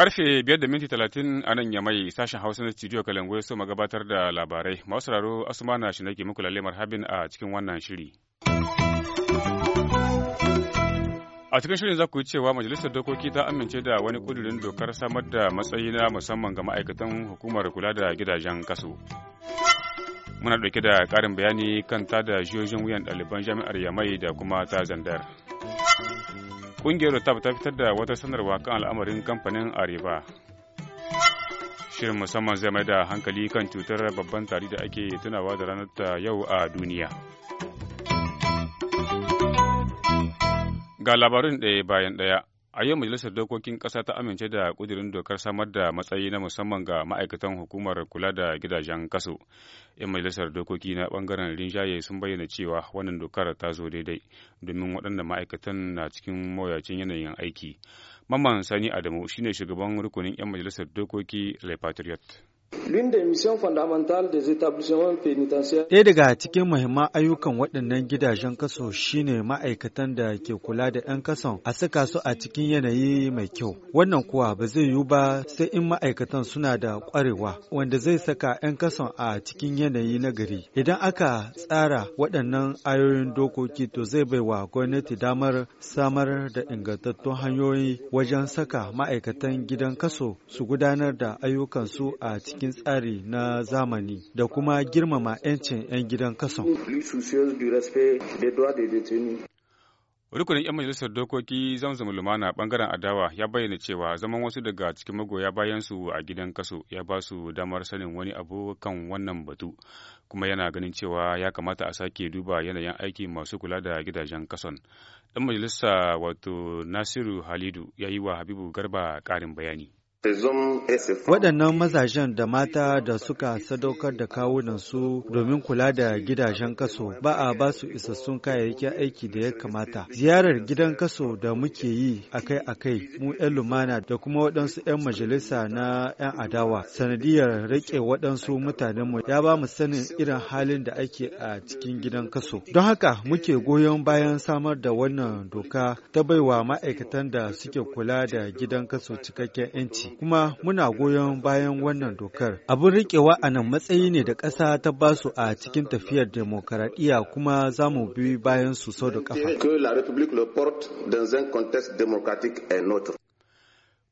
Karfe biyar da minti talatin a nan ya mai sashen Hausa na Studio Kalango ya so gabatar da labarai. Masu raro na shi nake muku lalle marhabin a cikin wannan shiri. A cikin shirin za ku yi cewa Majalisar Dokoki ta amince da wani kudurin dokar samar da matsayi na musamman ga ma'aikatan hukumar kula da gidajen kaso. Muna ɗauke da ƙarin bayani kan ta da jiyojin wuyan ɗaliban jami'ar Yamai da kuma ta zandar. Ƙungiyar Rotab ta fitar da wata sanarwa kan al'amarin kamfanin Areba. Shirin musamman zai mai da hankali kan cutar babban tari da ake tunawa da ranar ta yau a duniya. Ga labarin ɗaya bayan ɗaya. A yau Majalisar Dokokin Ƙasa ta amince da ƙudurin dokar samar da matsayi na musamman ga ma'aikatan hukumar kula da gidajen kaso. 'Yan Majalisar Dokoki na ɓangaren rinjaye sun bayyana cewa wannan dokar ta zo daidai domin waɗanda ma'aikatan na cikin mawuyacin yanayin aiki. Mamman Sani Adamu shine shugaban rukunin 'yan Majalisar Dokoki Le Patriot. Ɗaya daga cikin mahimman ayyukan waɗannan gidajen kaso shine ma'aikatan da ke kula da 'yan kason a saka su a cikin yanayi mai kyau. Wannan kuwa ba zai yiwu ba sai in ma'aikatan suna da ƙwarewa wanda zai saka 'yan kason a cikin yanayi na gari. Idan aka tsara waɗannan ayoyin dokoki to zai bai wa gwamnati damar samar da ingantattun hanyoyi wajen saka ma'aikatan gidan kaso su gudanar da ayyukansu a cikin cikin tsari na zamani da kuma girmama 'yancin 'yan gidan kason. Rukunin 'yan majalisar dokoki zamzam lumana bangaren adawa ya bayyana cewa zaman wasu daga cikin magoya bayansu a gidan kaso ya ba su damar sanin wani abu kan wannan batu kuma yana ganin cewa ya kamata a sake duba yanayin aiki masu kula da gidajen kason. Dan majalisa wato Nasiru Halidu ya yi wa Habibu Garba karin bayani. Waɗannan mazajen da mata da suka sadaukar da su domin kula da gidajen kaso ba a ba su isassun kayayyakin aiki da ya kamata. Ziyarar gidan kaso da muke yi akai-akai mu 'yan lumana da kuma waɗansu 'yan majalisa na 'yan adawa sanadiyar rike waɗansu mutanenmu ya ba mu sanin irin halin da ake a cikin gidan kaso. Don haka muke goyon bayan samar da wannan doka ta baiwa ma'aikatan da suke kula da gidan kaso cikakken 'yanci. kuma muna goyon bayan wannan dokar. Abin riƙewa a nan matsayi ne da ƙasa ta ba su a cikin tafiyar demokaradiyya kuma za mu bi bayan su sau da ƙafa.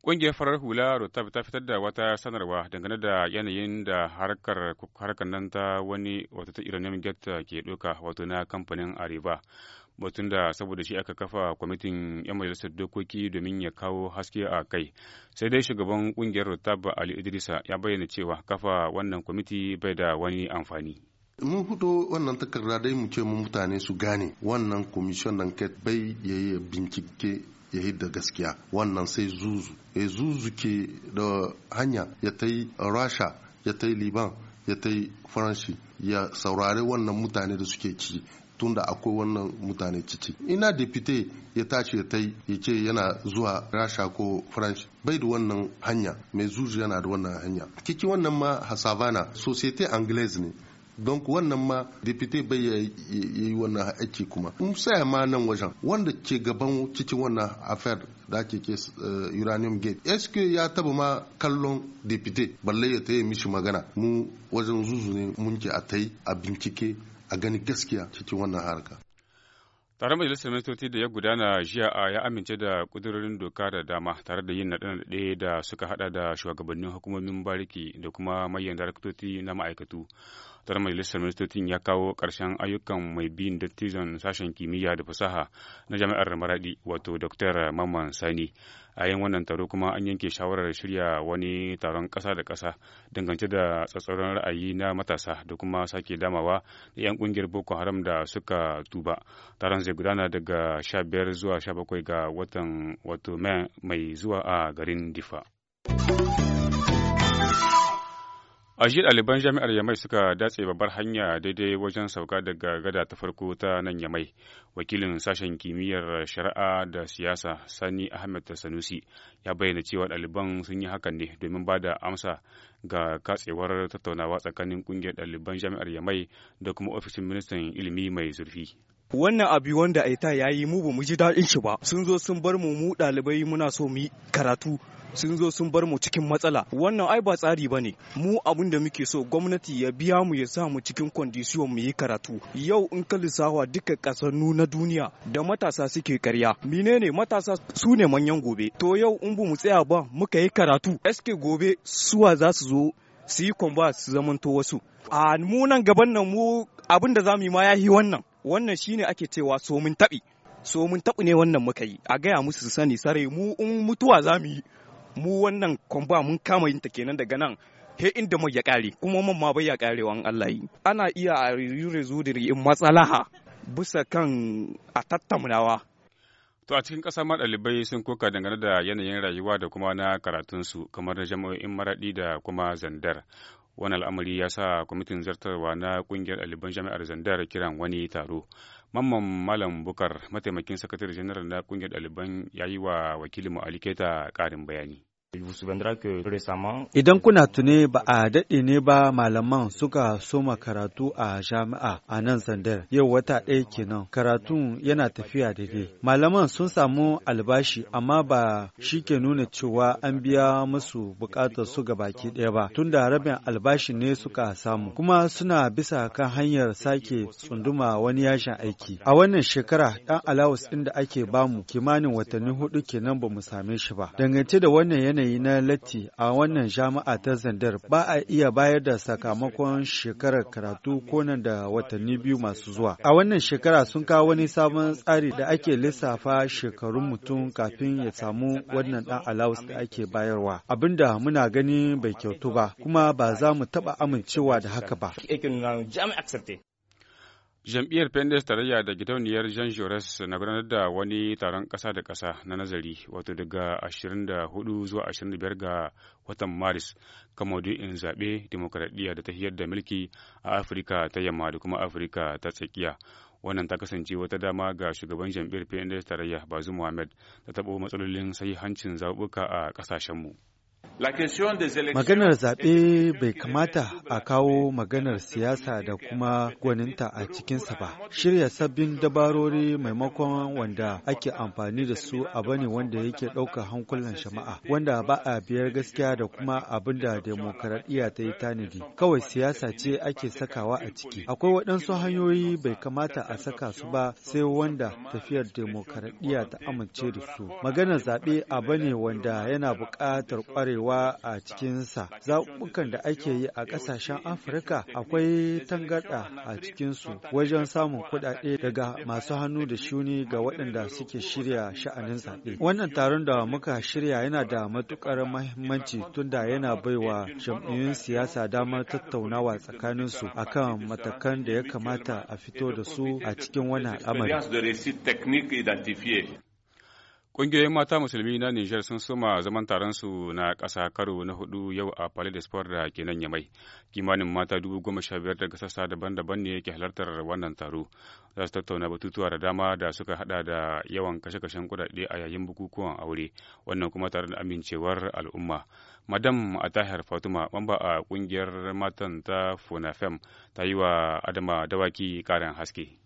Ƙungiyar farar hula ta fitar da wata sanarwa dangane da yanayin da harkar harkar nan ta wani wata ta Iranian Gate ke ɗauka wato na kamfanin Ariba. batun da saboda shi aka kafa kwamitin 'yan majalisar dokoki domin ya kawo haske a kai sai dai shugaban kungiyar taba ali idrisa ya bayyana cewa kafa wannan kwamiti bai da wani amfani mun fito wannan takarda dai mu ce mu mutane su gane wannan commission d'enquête bai yayi bincike ya da gaskiya wannan sai zuzu ya zuzu ke da hanya ya ta yi rasha ya ta yi liban ya ta yi faranshi ya saurari wannan mutane da suke ci tunda akwai wannan mutane ciki ina depute ya tashi ya tai ya ce yana zuwa rasha ko french bai da wannan hanya mai zuzu yana da wannan hanya kiki wannan ma hasavana societe anglaise ne don wannan ma depute bai yi wannan aiki kuma in saya ma nan wajen wanda ke gaban cikin wannan affair da ke ke eh, uranium gate sq ya taba ma kallon depute balle ya taya mishi magana mu wajen zuzu ne mun ke a tai a bincike a gani gaskiya cikin wannan harka. Tare majalisar ministoci da ya gudana jiya a ya amince da kudurorin doka da dama tare da yin naɗin ɗaya da suka hada da shugabannin hukumomin bariki da kuma manyan daraktoci na ma'aikatu. taron majalisar ministocin ya kawo ƙarshen ayyukan mai bin dattijon sashen kimiyya da fasaha na jami'ar maradi wato dr mamman sani a yin wannan taro kuma an yanke shawarar shirya wani taron ƙasa da ƙasa dangance da tsatsauran ra'ayi na matasa da kuma sake damawa da 'yan ƙungiyar boko haram da suka tuba taron zai gudana daga 15 zuwa 17 ga watan wato mai zuwa a garin difa. A shi ɗaliban jami'ar Yamai suka datse babbar hanya daidai wajen sauka daga gada ta farko ta nan Yamai. Wakilin sashen kimiyyar shari'a da siyasa Sani Ahmed Sanusi ya bayyana cewa ɗaliban sun yi hakan ne domin ba da amsa ga katsewar tattaunawa tsakanin ƙungiyar ɗaliban jami'ar Yamai da kuma ofishin ministan ilimi mai zurfi. wannan abu wanda aita ya yi mu ba mu ji daɗin shi ba sun zo sun bar mu mu ɗalibai muna so mu yi karatu sun zo sun bar mu cikin matsala wannan ai ba tsari ba ne mu abin da muke so gwamnati ya biya mu ya sa mu cikin kwandisiyon mu yi karatu yau in ka lissawa duka kasannu na duniya da matasa suke karya menene matasa su ne manyan gobe to yau in mu tsaya ba muka yi karatu eske gobe suwa za su zo su yi kwamba su zamanto wasu a nan gaban nan mu abin da za mu yi ma ya yi wannan wannan shine ake cewa so mun taɓi so mun taɓi ne wannan muka yi a gaya musu su sani sare mu in mutuwa za mu yi mu wannan kwamba mun kama yin ta kenan daga nan he inda mai ya kare kuma mun ma bai ya wa, Allah yi ana iya a yure in matsalaha bisa kan a tattaunawa To a cikin ƙasa madalibai ɗalibai sun koka dangane da yanayin rayuwa da kuma na karatunsu kamar na jami'o'in maraɗi da kuma zandar. Wani al'amari ya sa kwamitin zartarwa na ƙungiyar ɗaliban jami'ar zandar kiran wani taro. Mamman Malam Bukar mataimakin sakatare janar na kungiyar ɗaliban ya yi wa wakilinmu aliketa karin ƙarin bayani. Idan kuna tune ba a daɗe ne ba malaman suka soma karatu a jami'a a nan zandar yau wata ɗaya kenan karatun yana tafiya daidai. Malaman sun samu albashi amma ba shi ke nuna cewa an biya musu buƙatar su ga baki ɗaya ba tunda rabin albashi ne suka samu kuma suna bisa kan hanyar sake tsunduma wani yashin aiki. A wannan shekara ɗan alawus ɗin da ake bamu kimanin watanni hudu kenan ba mu same shi ba. Dangance da wannan yanayi na latti a wannan jami'a ta Zandar ba a iya bayar da sakamakon shekarar karatu ko nan da watanni biyu masu zuwa. A wannan shekara sun kawo wani sabon tsari da ake lissafa shekarun mutum kafin ya samu wannan ɗan alawus da ake bayarwa. Abinda muna gani bai kyautu ba, kuma ba za mu taɓa amincewa da haka ba. Jam'iyyar Pendes tarayya da gidauniyar Jean Jaurès na gudanar da wani taron ƙasa da kasa na nazari wato daga 24 zuwa 25 ga watan Maris kan maudu'in zaɓe, demokradiyya da tahiyar da mulki a Afirka ta yamma da kuma Afirka ta tsakiya. Wannan ta kasance wata dama ga shugaban jam'iyyar pendes tarayya Bazu Muhammad ta taɓo matsalolin hancin zaɓuɓɓuka a ƙasashenmu. Maganar zaɓe bai kamata a kawo maganar siyasa da kuma gwaninta a cikinsa ba. Shirya sabbin dabarori maimakon wanda ake amfani da su abu ne wanda yake ɗaukar hankulan shama'a, wanda ba a biyar gaskiya da kuma abin da demokaradiyya ta yi tanadi. Kawai siyasa ce ake sakawa a ciki. Akwai waɗansu hanyoyi bai kamata a saka su ba sai wanda tafiyar demokaradiyya ta amince da su. Maganar zaɓe abu ne wanda yana buƙatar ƙwarewa kwarewa a cikinsa zaɓuɓɓukan da ake yi a ƙasashen afirka akwai tangarɗa a cikinsu wajen samun kuɗaɗe daga masu hannu da shuni ga waɗanda suke shirya sha'anin zaɓe wannan taron da muka shirya yana da matuƙar mahimmanci tunda yana baiwa jam'iyyun siyasa damar tattaunawa tsakanin su akan matakan da ya kamata a fito da su a cikin wannan al'amari Ƙungiyoyin mata musulmi na Nijar sun soma zaman taron su na ƙasa karo na hudu yau a Palais de Sport da ke nan Yamai. Kimanin mata dubu goma sha biyar daga sassa daban-daban ne ke halartar wannan taro. Za su tattauna batutuwa da dama da suka hada da yawan kashe-kashen kuɗaɗe a yayin bukukuwan aure, wannan kuma tare da amincewar al'umma. Madam Atahir Fatima mamba a ƙungiyar matan ta funafem ta yi wa Adama Dawaki ƙarin haske.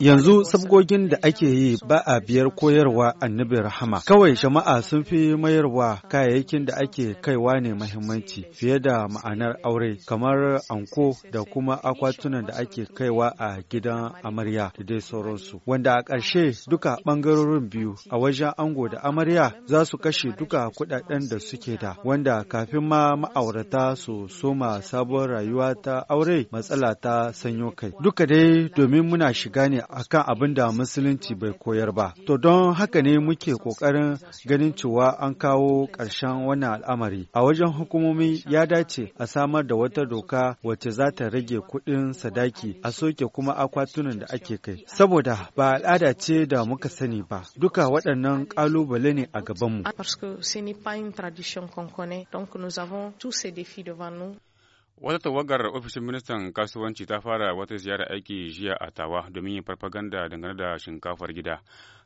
Yanzu sabgogin da ake yi ba a biyar koyarwa annabi rahama. Kawai jama'a sun fi mayarwa kayayyakin da ake kaiwa ne mahimmanci fiye da ma'anar aure kamar anko da kuma akwatunan da ake kaiwa a gidan amarya da dai sauransu. Wanda a ƙarshe duka ɓangarorin biyu a wajen ango da amarya za su kashe duka kuɗaɗen da suke da wanda kafin ma ma'aurata su soma sabon rayuwa ta aure matsala ta sanyo kai. Duka dai domin muna shiga ne akan abin da musulunci bai koyar ba. To don haka ne muke ƙoƙarin ganin cewa an kawo ƙarshen wannan al'amari. A wajen hukumomi ya dace a samar da wata doka wacce za ta rage kuɗin sadaki a soke kuma akwatunan da ake kai. Saboda ba al'ada ce da muka sani ba. Duka waɗannan ƙalubale ne a gabanmu. mu Wata tawagar ofishin ministan kasuwanci ta fara wata ziyara aiki jiya a Tawa domin yin farfaganda dangane da shinkafar gida.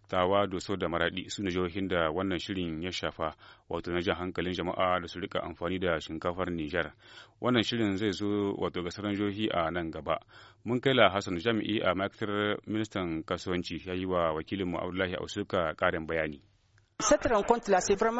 Tawa, Doso da maraɗi su ne jihohin da wannan shirin ya shafa, wato na jan hankalin jama'a da su rika amfani da shinkafar Nijar. Wannan shirin zai zo wato ga sauran jihohi a nan gaba. Mun kai la Hassan Jami'i a ma'aikatar ministan kasuwanci ya yi wa wakilinmu Abdullahi Ausuka ƙarin bayani.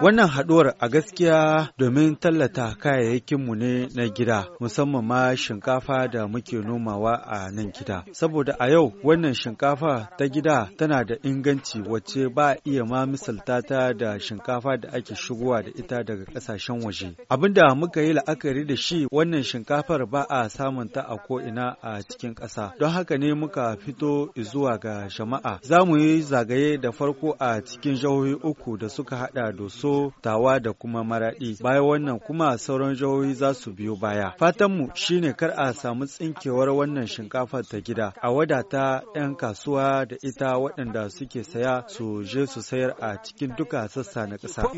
Wannan haɗuwar a gaskiya domin tallata kayayyakinmu ne na gida, musamman ma shinkafa da muke nomawa a nan gida. Saboda a yau wannan shinkafa ta gida tana da inganci wacce ba iya ma misalta ta da shinkafa da ake shigowa da ita daga ƙasashen waje. Abinda muka yi la'akari da shi wannan shinkafar ba a samun ta a ko'ina a cikin ƙasa. Don haka ne muka fito zuwa ga jama'a. Za mu yi zagaye da farko a cikin jihohi uku uku da suka hada doso tawa da kuma maradi bayan wannan kuma sauran jihohi za su biyo baya fatanmu shine kar a samu tsinkewar wannan shinkafar ta gida a wadata 'yan kasuwa da ita waɗanda suke saya su je su sayar a cikin duka sassa na ƙasa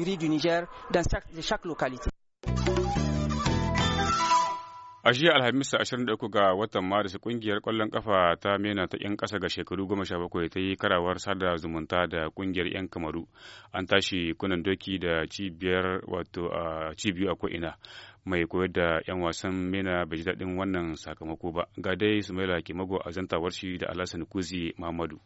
A jiya Alhamis 23 ga watan Maris kungiyar kwallon kafa ta mena ta 'yan ƙasa ga shekaru goma sha 17 ta yi karawar sada zumunta da kungiyar 'yan kamaru. An tashi kunan doki da cibiyar wato a cibiyu a ko'ina. Mai koyar da 'yan wasan mena bai ji daɗin wannan sakamako ba. Ga dai Sumaila mago a zantawar shi da Alhassan Kuzi Mamadu.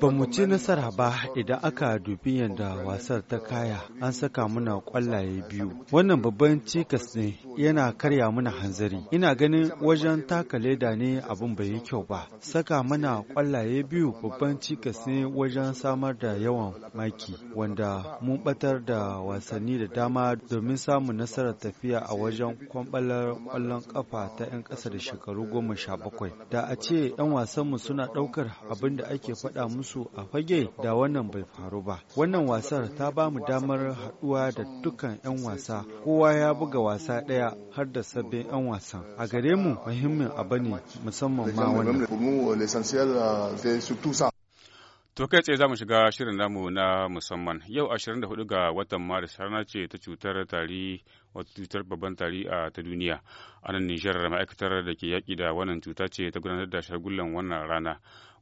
Ba mu ci nasara ba idan aka dubi yadda wasar ta kaya an saka muna kwallaye biyu. Wannan babban cikas ne yana karya mana hanzari. Ina ganin wajen taka leda ne abin bai yi kyau ba. Saka mana kwallaye biyu babban cikas ne wajen samar da yawan maki wanda mun batar da wasanni da dama domin samun nasarar tafiya a wajen kwambalar kwallon kafa ta 'yan ƙasa da shekaru goma sha bakwai. Da a ce 'yan wasanmu suna ɗaukar fahimtar abin da ake faɗa musu a fage da wannan bai faru ba wannan wasar ta ba mu damar haɗuwa da dukkan 'yan wasa kowa ya buga wasa ɗaya har da sabbin 'yan wasan a gare mu muhimmin abu ne musamman ma wannan euh, euh, To kai tsaye za mu shiga shirin namu na musamman. Yau 24 ga watan Maris rana ce ta cutar tari wata cutar babban tari a ta duniya. anan nan Nijar ma'aikatar da ke yaƙi da wannan cuta ce ta gudanar da shagullan wannan rana.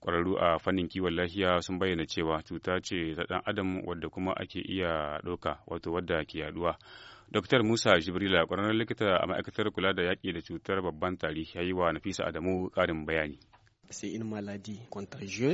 kwararru a fannin kiwon lafiya sun bayyana cewa cuta ce ta ɗan adam wadda kuma ake iya ɗauka wato wadda ke yaduwa Dr. Musa Jibrila ƙwararren likita a ma'aikatar kula da yaƙi da cutar babban tari ya yi wa Nafisa Adamu ƙarin bayani.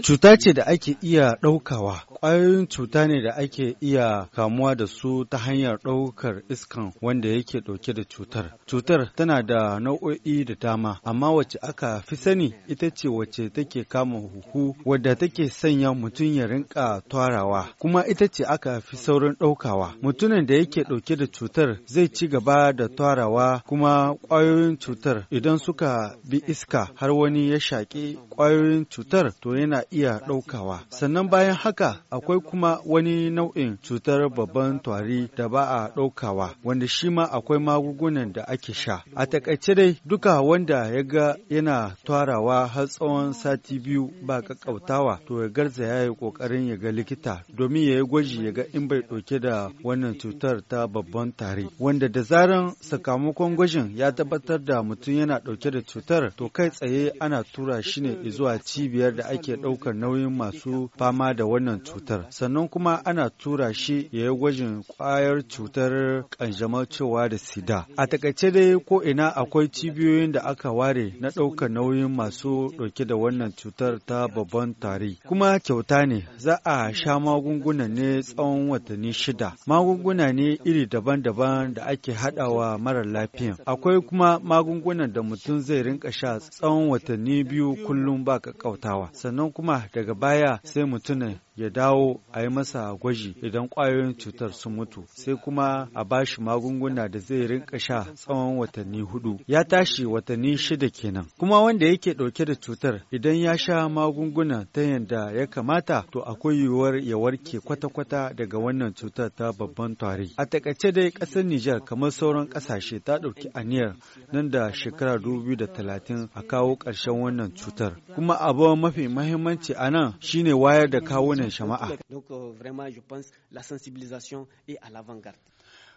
Cuta ce da ake iya ɗaukawa Ƙwayoyin cuta ne da ake iya kamuwa da su ta hanyar ɗaukar iskan wanda yake ɗauke da cutar. Cutar tana da nau'o'i da dama, amma wacce aka fi sani ita ce wacce take kama huhu wadda take sanya mutum ya rinka twarawa, kuma ita ce aka fi saurin ɗaukawa. Mutumin da yake ɗauke da cutar zai ci gaba da twarawa kuma ƙwayoyin cutar idan suka bi iska har wani ya shaƙi ƙwayoyin cutar to yana iya ɗaukawa. Sannan bayan haka Akwai kuma wani nau'in cutar babban tari da ba a ɗaukawa, wanda shi ma akwai magungunan da ake sha. A takaice dai duka wanda ya ga yana twarawa har tsawon sati biyu ba ƙaƙƙautawa to ya garza ya yi ƙoƙarin ya ga likita domin ya yi gwaji ya ga in bai ɗauke da wannan cutar ta babban tari. Wanda da zaran sakamakon gwajin ya tabbatar da mutum yana ɗauke da cutar to kai tsaye ana tura shi ne zuwa cibiyar da ake ɗaukar nauyin masu fama da wannan cutar. cutar sannan kuma ana tura shi ya yi gwajin kwayar cutar kanjamar cewa da sida a takaice dai ko ina akwai cibiyoyin da aka ware na ɗaukar nauyin masu ɗauke da wannan cutar ta babban tari kuma kyauta ne za a sha magunguna ne tsawon watanni shida magunguna ne iri daban-daban da ake haɗawa mara lafiya? akwai kuma magungunan da mutum zai rinka sha tsawon watanni biyu kullum ba ka kautawa sannan kuma daga baya sai mutum ya dawo a yi masa gwaji idan ƙwayoyin cutar sun mutu sai kuma a ba shi magunguna da zai rinka sha tsawon watanni hudu ya tashi watanni shida kenan kuma wanda yake ɗauke da cutar idan ya sha magunguna ta yadda ya kamata to akwai yiwuwar ya warke kwata-kwata daga wannan cutar ta babban tare a takaice dai ƙasar Nijar kamar sauran ƙasashe ta ɗauki aniyar nan da shekara da talatin a kawo ƙarshen wannan cutar kuma abu mafi mahimmanci a nan shine wayar da kawunan jama'a.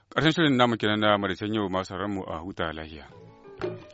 Ƙarshen euh, shirin namu kenan na yau masu ranmu a huta lahiya.